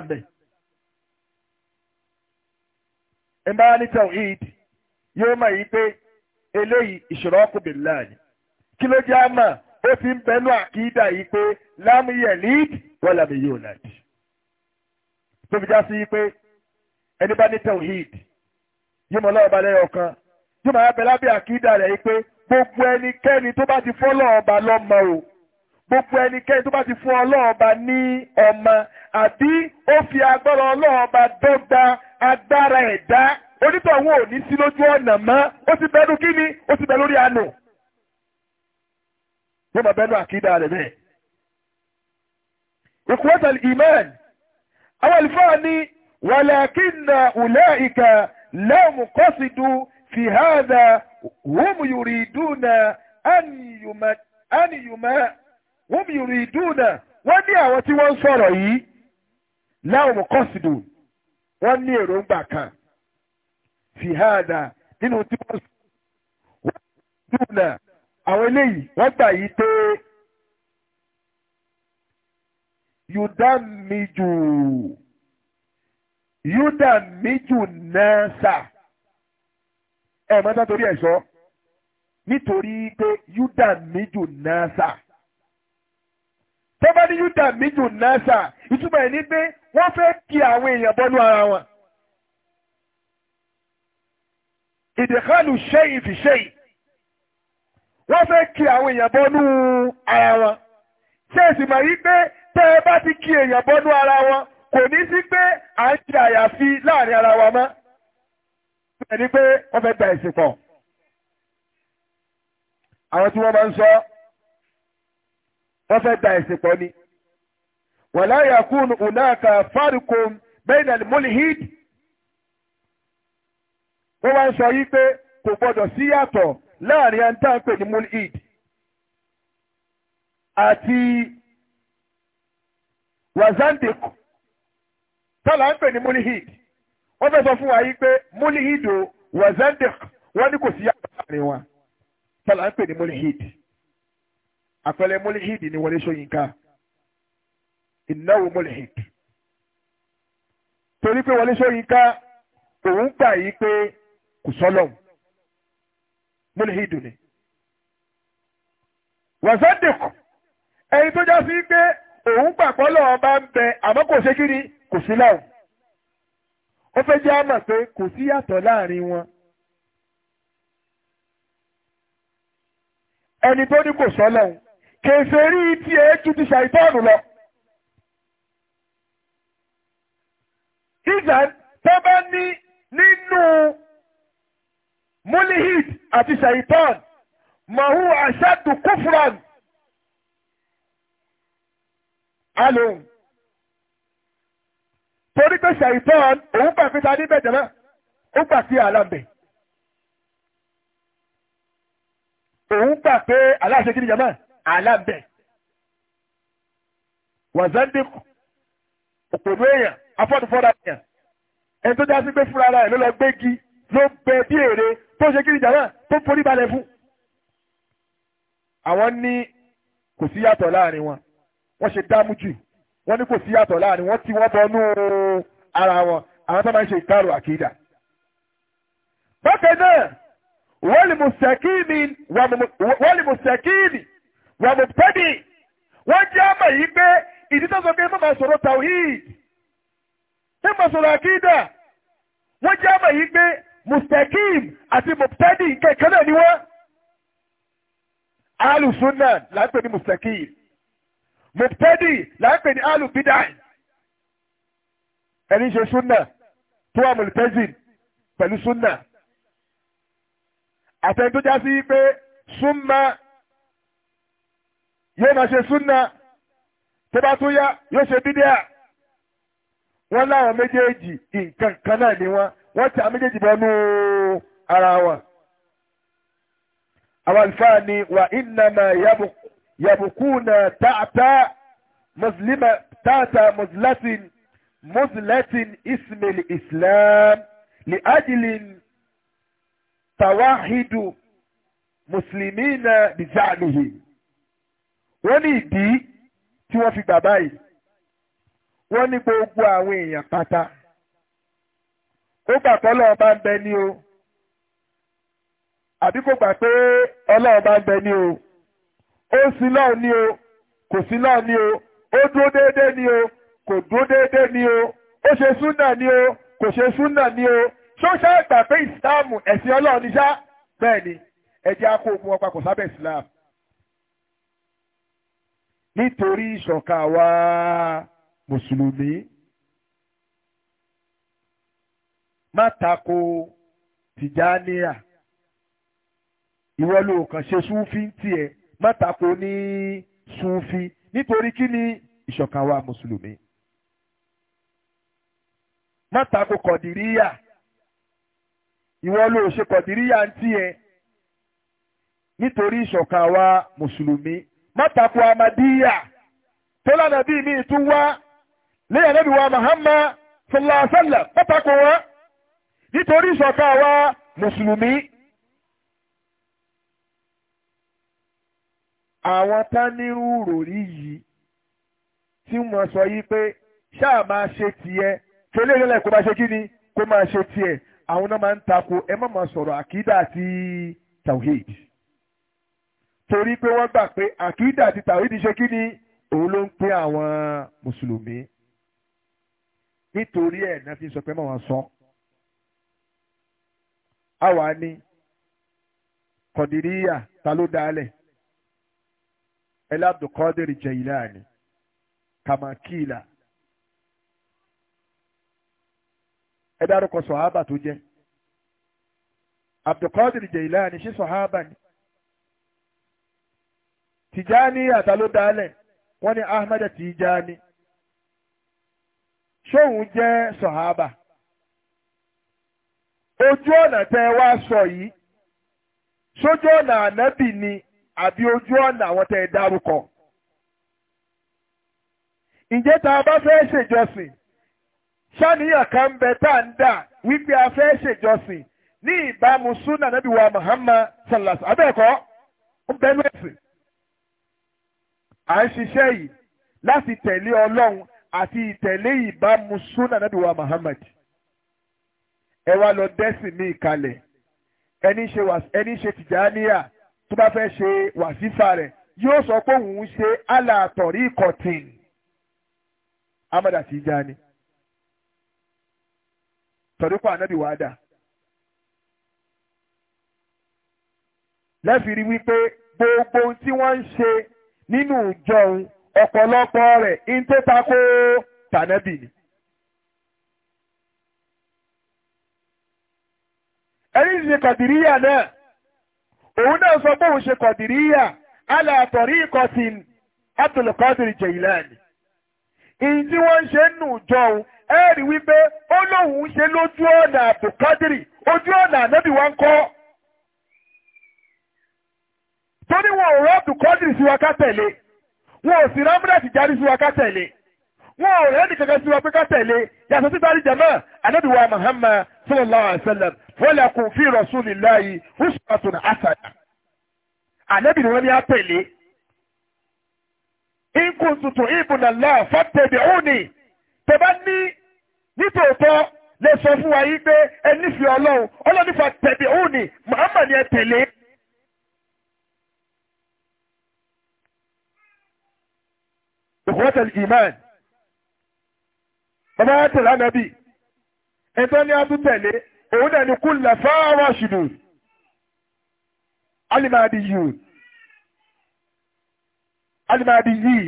ṣe ẹ bá ní tawhid yóò mọ̀ yìí pé eléyìí ìṣirọ́kù billah ni kí ló jẹ́ àmà ó fi ń bẹnu àkídà yìí pé lam yalid wa lam yulad tó fi já sí pé ẹni bá ní tawhid yóò mọ̀ lọ́wọ́ balẹ̀ ọ̀kan yóò máa bẹ lábẹ́ àkídà rẹ̀ yìí pé gbogbo ẹnikẹ́ni tó bá ti fọ́lọ́ ọba lọ́mọ o gbogbo ẹnikẹ́ni tó bá ti fún ọlọ́ọ̀ba ní ọmọ àbí ó fi agbára ọlọ́ọ̀ba dọ́gba agbára ẹ̀dá onítọ̀hún ò ní sí lójú ọ̀nà mọ́ ó ti bẹnu kí ni ó ti bẹ lórí àánú yóò máa bẹnu àkídà rẹ̀ bẹ́ẹ̀. ìkúwọ́tà ìmán àwọn ìfọ́ ni wàlàkínà ulaika lahum qasidu fi hadha hum yuriduna an yuma an yuma hum yuriduna wọ́n ní àwọn tí wọ́n sọ̀rọ̀ yìí lahum qasidu wọ́n ní èròǹgbà kan fi hàdà nínú tí wọ́n sọ wọ́n dùn náà àwọn eléyìí wọ́n gbà yí pé yudamiju yudamiju nẹ́ẹ̀sà ẹ̀ mọ́tà torí ẹ̀ sọ nítorí pé yudamiju nẹ́ẹ̀sà tó bá ní yudamiju nẹ́ẹ̀sà ìtumọ̀ ẹ̀ ní pé wọ́n fẹ́ kí àwọn èèyàn bọ́nú ara wọn. ìdèkánù ṣẹ́yìn fi ṣẹ́yìn wọ́n fẹ́ kí àwọn èèyàn bọ́nú ara wọn. ṣé èsì mà yí pé tẹ́ ẹ bá ti kí èèyàn bọ́nú ara wọn kò ní sí pé à ń ṣe àyàfi láàrin ara wa mọ́. bẹ́ẹ̀ ni pé wọ́n fẹ́ gba ẹ̀sìn pọ̀. àwọn tí wọ́n máa ń sọ wọ́n fẹ́ gba ẹ̀sìn pọ̀ ni wala yakunu hunaka farikun bayna al-mulhid ó wá ń sọ yí pé kò gbọdọ̀ sí yàtọ̀ láàrin ẹni tá à ń pè ní mulhid àti wazandik tọ́lá ń pè wọ́n fẹ́ sọ fún wa yí pé mulhid o wazandik wọ́n ní kò sí yàtọ̀ láàrin wọn tọ́lá ń pè àpẹẹrẹ mulhid ni Wọlé Ṣóyínká ìnáwó mulhid torí pé Wọlé Ṣóyínká òun gbà yí pé kò sọ́lọ́hùn mulhid ni wàsádìkù ẹni tó já sí pé òun gbàgbọ́ lọ́wọ́ bá ń bẹ àmọ́ kò ṣe kíni kò sí láwùn ó fẹ́ jẹ́ àmọ̀ pé kò sí yàtọ̀ láàrin wọn. ẹni tó ní kò sọ́lọ́hùn kèfèrí tí ẹ ju ti ṣàìtọ́ọ̀nù lọ. ìjà tó bá ní nínú mulihid àti shaitan mahu ashadu kufran alóhùn torí pé ṣàìtàn òun gbà pé ta ní bẹ̀jẹ̀ náà ó gbà sí àlàmbẹ̀ òun gbà pé aláṣẹ kí ni jama wàzẹ́ndìkù òpònú èèyàn afọ́dúfọ́dá yẹn ẹni tó já sí pé fúnra rẹ̀ ló lọ gbégi ló bẹ bí èrè tó ṣe kiri jàmá tó forí balẹ̀ fún. àwọn ní kò sí yàtọ̀ láàrin wọn wọ́n ṣe dámú jù wọ́n ní kò sí yàtọ̀ láàrin wọ́n ti wọ́n bọnú ara wọn àwọn tó máa ń ṣe ìtàrò àkídà. bákan náà wọ́n lè mú sẹ́kìnì wọ́n lè mú sẹ́kìnì wọ́n mú pẹ́ẹ́dì wọ́n jẹ́ àmọ̀ yìí pé ìdí tó sọ pé mọ́ máa sọ̀rọ̀ tàwíìdì nípa sọ̀rọ̀ àkídà wọ́n jẹ́ àmọ̀ yìí pé mustakim àti mubtadi kẹ̀kẹ́ náà ni wọ́n alùsùnà là ń pè ní mustakim mubtadi là ń pè ní alùbídà ẹni ṣe súnà tó wà multazim pẹ̀lú súnà àtẹni tó já sí pé súnmà yóò máa ṣe súnà tó bá tún yá yóò ṣe bídíà wọ́n láwọn méjèèjì nǹkan kan náà ni wọ́n wọ́n ti àwọn méjèèjì bọ́nú ara wọn. àwọn àlùfáà ni wà ìnàmà yàbùkúnà tààtà mùsùlùmà tààtà mùsùlùmàtìn mùsùlùmàtìn ismail islam li ajilin tawahidu mùsùlùmí na wọ́n ní ìdí tí wọ́n fi gbà báyìí wọ́n ní gbogbo àwọn èèyàn pátá ó gbà pé ọlọ́run bá ń bẹ ní o àbí kò gbà pé ọlọ́run bá ń bẹ ní o ó sí lọ́ọ̀ ní o kò sí lọ́ọ̀ ní o ó dúró déédéé ní o kò dúró déédéé ní o ó ṣe súnà ní o kò ṣe súnà ní o ṣóṣá ìgbà pé ìsìláàmù ẹ̀sìn ọlọ́run ní bẹ́ẹ̀ ni ẹ̀jẹ̀ akó ogun ọpa kò sábẹ̀ ìsìláàmù nítorí ìṣọ̀kan wa mùsùlùmí má tako tìjáníà ìwọ ló kàn ṣe súnfí tiẹ̀ má tako ní súnfí nítorí kí ni ìṣọ̀kan wa mùsùlùmí má tako kọ̀dìríyà ìwọ ló ṣe kọ̀dìríyà ń tiẹ̀ nítorí ìṣọ̀kan wa mùsùlùmí má tako amadíyà tó lánàá bí mi tún wá lẹ́yìn Ànábì wa Muhammad sallallahu alaihi wasallam pátákó wọn nítorí ìṣọ̀ká wa mùsùlùmí àwọn tánírú ròrí yìí tí wọ́n sọ yí pé ṣáà máa ṣe tiẹ̀ tó lè rẹ́lẹ̀ kó máa ṣe kí ni kó máa ṣe tiẹ̀ àwọn náà máa ń tako ẹ má máa sọ̀rọ̀ àkídà àti tawhid torí pé wọ́n gbà pé àkídà àti tawhid ṣe kí ni òun ló ń pín àwọn mùsùlùmí nítorí ẹ̀ náà fi sọ pé máa sọ. àwa ni kọ̀dìríyà ta ló dálẹ̀ ẹlẹ́dùkọ́dìrì Jailani kàmákìlà ẹ dárúkọ sọ̀hábà tó jẹ́ Abdulkadir Jailani ṣé sọ̀hábà ni Tijani àtàlódàálẹ̀ wọ́n ní Ahmed Tijani ṣóun jẹ́ sọ̀hábà ojú ọ̀nà ẹ wá sọ yìí sójú ọ̀nà ànábì ni àbí ojú ọ̀nà àwọn tẹ́ ẹ dárúkọ. ǹjẹ́ tá a bá fẹ́ ṣèjọsìn ṣàníyàn kan ń bẹ tá à ń dà wípé a fẹ́ ṣèjọsìn ní ìbámu súnà ànábì wa Muhammad sallas abẹ́ẹ̀kọ́ ń bẹ́ẹ̀ lọ́sìn. à ń ṣiṣẹ́ yìí láti tẹ̀lé ọlọ́run àti ìtẹ̀lé ìbámu súnà nàbí wa Muhammad ẹ wá lọ dẹ́sìn ní ìkalẹ̀ ẹni ṣe ẹni ṣe tìjàníyà tó bá fẹ́ ṣe wàsífà rẹ̀ yóò sọ pé òun ṣe aláàtọ̀rí kọ̀tìn amada Tijani tọ̀rípọ̀ ànábì wàá dà. lẹ́fìrí wípé gbogbo tí wọ́n ń ṣe nínú ìjọ òun ọ̀pọ̀lọpọ̀ rẹ̀ ń tó tako tànẹ́bì ni. ẹni ti ṣe kọ̀dìríyà náà òun náà sọ pé òun ṣe kọ̀dìríyà alẹ́ àtọ̀rí ìkọ̀sìn Abdulkadir Jailani. ìyí tí wọ́n ń ṣe nù jọ òun ẹ rí wípé ó lóun ṣe lójú ọ̀nà Abdulkadir ojú ọ̀nà ànábì wa kọ́. torí wọn ò rọ́ Abdulkadir sí wa ká tẹ̀lé. wọn ò sì rámúdàtì járí sí wa ká tẹ̀lé wọn ò rẹ́ nìkankan sí wa pé ká tẹ̀lé yàtọ̀ sí tàrí jẹ̀mọ́ ànábì wa Muhammad sallallahu alaihi wasallam walakum fi rasulillahi uswatun hasana ànábì ni wọ́n ní á tẹ̀lé in kuntum tuhibbuna Allah fattabi'uni tó bá ní nítòótọ́ lè sọ fún wa yí pé ẹ nífẹ̀ẹ́ ọlọ́run ọlọ́run nífẹ̀ẹ́ tẹ̀lé òun ni Muhammad ni ẹ tẹ̀lé ìkọ́tẹ̀lì iman bàbá tẹ̀lé ànábì ẹ̀tọ́ ní adún tẹ̀lé òun náà ni kú lẹ́fà rọ́ṣìdù alimadi yìí alimadi yìí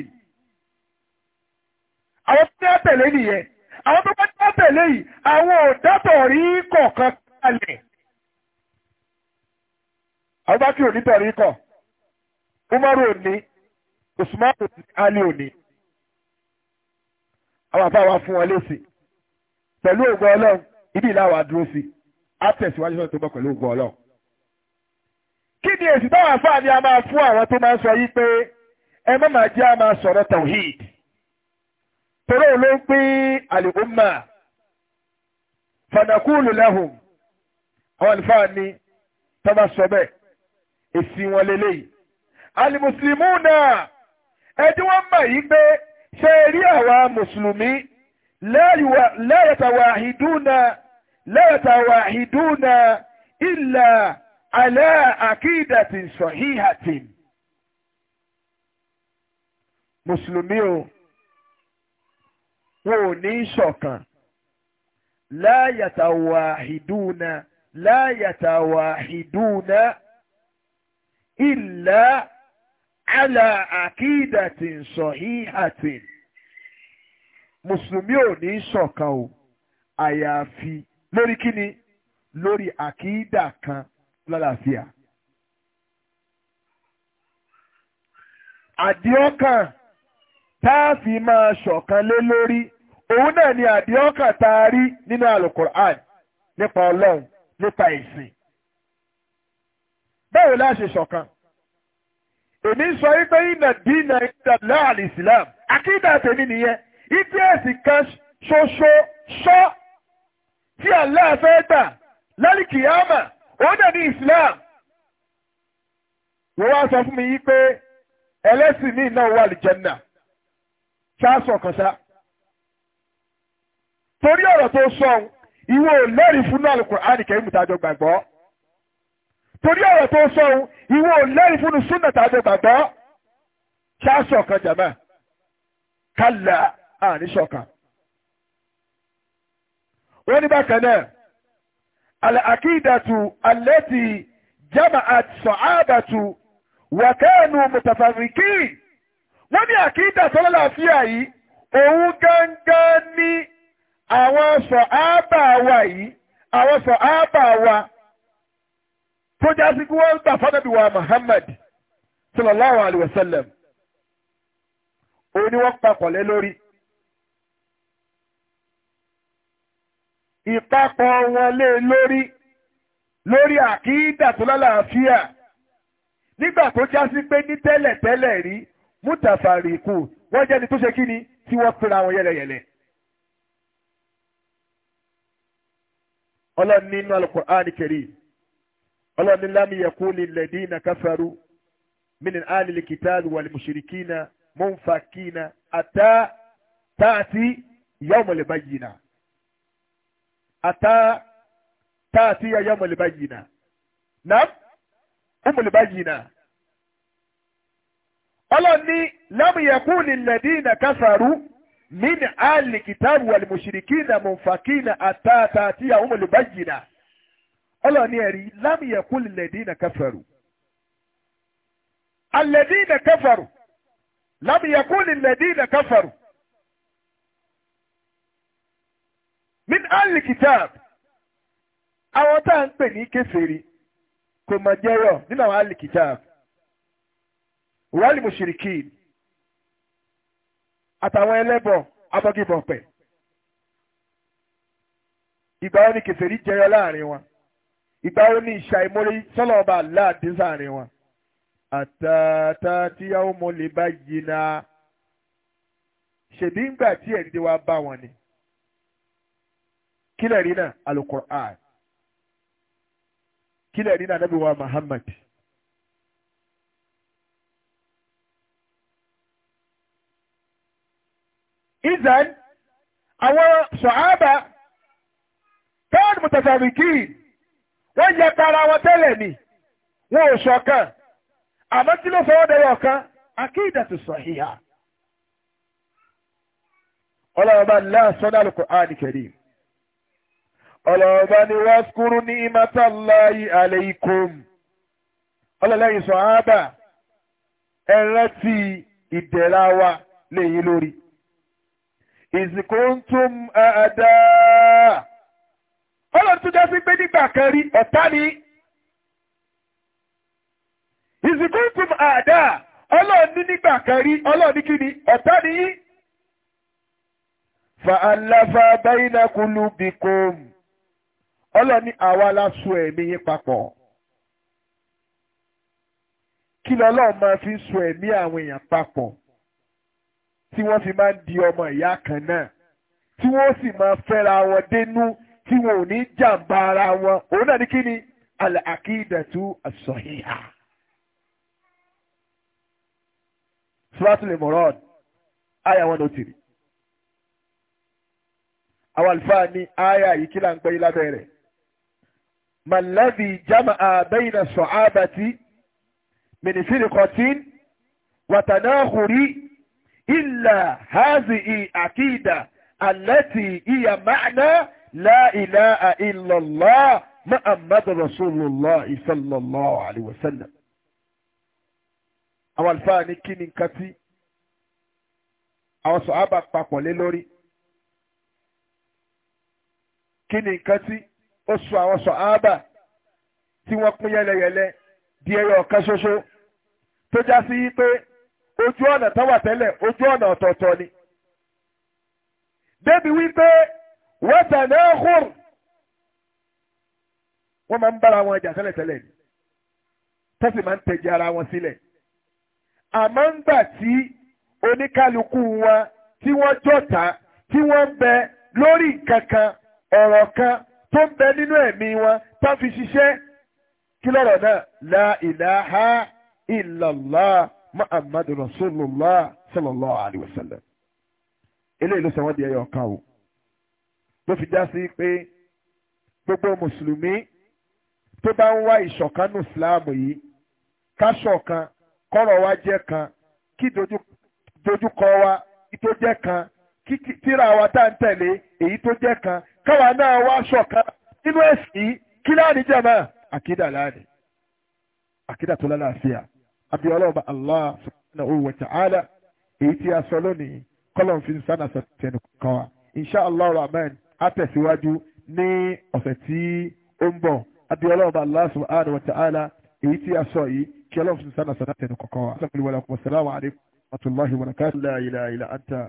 àwọn tó ní àtẹ̀lé nìyẹn àwọn tó bá ní àtẹ̀lé yìí àwọn ò dátọ̀ rí kọ̀ọ̀kan kalẹ̀ àwọn bá kí òní tọ̀rí kọ̀ Umaru òní Usman òní Ali òní àwọn àbá wa fún wọn lésì pẹ̀lú ògbọ́ ọlọ́run ibi ìlà wa dúró sí á tẹ̀síwájú náà tó gbọ́ pẹ̀lú ògbọ́ ọlọ́run. kí ni èsì táwọn àfáà ni a máa fún àwọn tó máa ń sọ yìí pé ẹ má máa jẹ́ a máa sọ̀rọ̀ tawhid torí òun ló ń pín àlùkùnmá fanakúlù lẹ́hùn àwọn àlùfáà ni tó bá sọ bẹ́ẹ̀ èsì wọn lélẹ́yìí alimuslimu náà ẹjọ́ mọ̀ yìí pé ṣe rí àwa mùsùlùmí lẹ́yẹ̀tàwà ìdúnà ìlà alẹ́ àkídàtì sọ̀híhàtì mùsùlùmí o wọn ò ní ṣọ̀kan láyàtàwà ìdúnà láyàtàwà ìdúnà ìlà ala àkídàtì sọ̀híhàtì mùsùlùmí ò ní ṣọ̀kan o àyàfi lórí kíni lórí àkídà kan lálàáfíà. àdìọ́kàn tá a fi máa ṣọ̀kan lé lórí òun náà ni àdìọ́kàn tá a rí nínú alukur'an nípa ọlọ́run nípa ìsìn. báwo la ṣe ṣọ̀kan? èmi ń sọ wípé ìnà dínà ìdàlá àlìsílám àkídà tèmi nìyẹn ìdíẹ̀sì kan ṣoṣo ṣọ́ tí Allah fẹ́ gbà lálìkìyàmà òun náà ní Islam wọ́n wá sọ fún mi wípé ẹlẹ́sìn míì náà wà lìjẹ́nà ṣáàṣọ kan ṣá torí ọ̀rọ̀ tó sọ ìwọ ò lẹ́rìí fún náà Al-Qur'an ìmùtájọ gbàgbọ́ torí ọ̀rọ̀ tó sọ ìwọ ò lẹ́yìn fún un súnà tàbí gbàgbọ́ ṣáṣọ kan jàmọ́ kálá àníṣọ kan. wọ́n ní bákan náà àkídàtù àlẹ́tì jábà àti sọ̀áàbàtù wàkẹ́ẹ̀nù mùtàfàríkì wọ́n ní àkídàtù ọlọ́láfíà yìí òun gángan ní àwọn sọ̀áàbà wa yìí àwọn sọ̀áàbà wa tó já sí kí wọ́n gbà fánàbí wa Muhammad sallallahu alayhi wa sallam òun ni wọ́n papọ̀ lé lórí. ìpapọ̀ wọn lé lórí lórí àkídà tó lálàáfíà nígbà tó já sí pé ní tẹ́lẹ̀tẹ́lẹ̀ rí mútàfàríkù wọ́n jẹ́ni tó ṣe kí tí wọ́n pera wọn yẹlẹyẹlẹ. ọlọ́run nínú Al-Qur'an al ọlọ́ni lámì yẹ̀kú lílẹ̀ dínà káfàrú mínú àlìlì kìtàlù wàlì mùsùlùkìnà mọ́nfàkìnà àtà táàtì yawmal bayyina àtà táàtì yawmal bayyina nam umul bayyina ọlọ́ni lámì yẹ̀kú lílẹ̀ dínà káfàrú mínú àlìlì kìtàlù wàlì mùsùlùkìnà mọ́nfàkìnà àtà táàtì yawmal bayyina ọlọ́ọ̀ni ẹ̀rí lámìyẹ̀kú lẹ́dínà kẹfẹ́rù alẹ́dínà kẹfẹ́rù lámìyẹ̀kú lẹ́dínà kẹfẹ́rù min alikitab àwọn tá à ń pè ní kèfèrí kò mà jẹyọ nínú àwọn alikitab wàhálì mushrikin àtàwọn ẹlẹ́bọ abọ́gibọ̀pẹ̀ ìgbà wọn ni kèfèrí jẹyọ láàrin wọn ìgbà wo ni ìṣàìmórí sọ́lọ̀ ọba aláàdín sáàrin wọn. àtàtà tíyàwó mo lè bá yìí náà ṣèbí ńgbà tí ẹ̀ ń dé wá bá wọn ni kílẹ̀ rí náà alukur'an kílẹ̀ rí náà nabiwa muhammad izan àwọn sọ̀hábà káwọn mutafarriqin wọ́n yẹ tara wọn tẹ́lẹ̀ ni wọn ò ṣọ̀kan àmọ́ tí ló fọwọ́ dẹ̀yọ̀ kan akídàtú sọ̀híhà ọlọ́ọ̀bá láàṣọ́dá al-Qur'an al-Karim ọlọ́ọ̀bá ni waskuru ni'matallahi alaykum ọlọ́lẹ́yìn sọ̀hábà ẹ rántí ìdẹ̀ra wa lẹ́yìn lórí iz a'daa. ọlọ́run tó jásí pé nígbà kan rí ọ̀tá ni ìsìnkúntùm àdá ọlọ́run ní nígbà kan rí ọlọ́run ní kíni ọ̀tá ni yí. fàálàfà báyìnà kúlù bìkún bikom. ní àwa la so ẹ̀mí yín papọ̀ kí lọ́lọ́run máa fi so ẹ̀mí àwọn èèyàn papọ̀ tí wọ́n fi máa ń di ọmọ ìyá kan náà tí wọ́n sì máa fẹ́ra wọn dénú tí wọn ò ní jàǹbá ara wọn òun náà ní kí ni al-aqidatu as-sahiha. Suratul Imran aya one oh three àwọn àlùfáà ní aya yìí kí là ń gbé yìí lábẹ́ rẹ̀ màlẹ́bí jama'a bayna sọ̀ábàtì mìnísírìkọ̀tìn wàtànáhùrí ìlà hazihi àkìdà àlẹ́tì ìyà la ilaha illallah muhammadu rasulullah sallallahu alayhi wa sallam. àwọn àlùfáà ní kí ni nǹkan tí àwọn sọ̀hábà papọ̀ lé lórí kí ni nǹkan tí ó sọ àwọn sọ̀hábà tí wọ́n pín yẹlẹyẹlẹ di ẹyọ ọ̀kan ṣoṣo tó já sí pé ojú ọ̀nà táwà tẹ́lẹ̀ ojú ọ̀nà ọ̀tọ̀ọ̀tọ̀ ni débi wípé wọ́tẹ̀nẹ́hùr wọ́n máa ń bára wọn jà tẹ́lẹ̀tẹ́lẹ̀ ni tẹ́sí máa ń tẹ̀jẹ̀ ara wọn sílẹ̀ àmọ́ ń gbà tí oníkálukú wọn tí wọ́n jọ̀tá tí wọ́n ń bẹ lórí nǹkan kan ọ̀rọ̀ kan tó ń bẹ nínú ẹ̀mí wọn tó fi ṣiṣẹ́ kí lọ́rọ̀ náà la ilaha illallah muhammadu rasulullah sallallahu alayhi wa sallam eléyìí ló sọ wọ́n di ẹyọ kan o ló fi já sí pé gbogbo mùsùlùmí tó bá ń wá ìṣọ̀kan nù síláàmù yìí káṣọ̀kan kọ́rọ̀ wa jẹ́ kan kí dojúkọ wa tó jẹ́ kan kí tíra wa tá ń tẹ̀lé èyí tó jẹ́ kan káwa náà wá ṣọ̀kan nínú ẹ̀sìn yìí kí láàrin jẹ́ náà àkídà láàrin àkídà tó lálàáfíà abiyọlọ́ba allah na wa ta'ala èyí tí a sọ lónìí kọ́lọ̀ fi ń sánà sọ̀tẹ̀nù kan wa allah rahman á tẹ̀síwájú ní ọ̀sẹ̀ tí ó ń bọ̀ abiola ọba Allah subhanahu wa ta'ala èyí tí a sọ yìí kí ọlọ́run sùn sánà sánà tẹnu kọ̀ọ̀kan wa.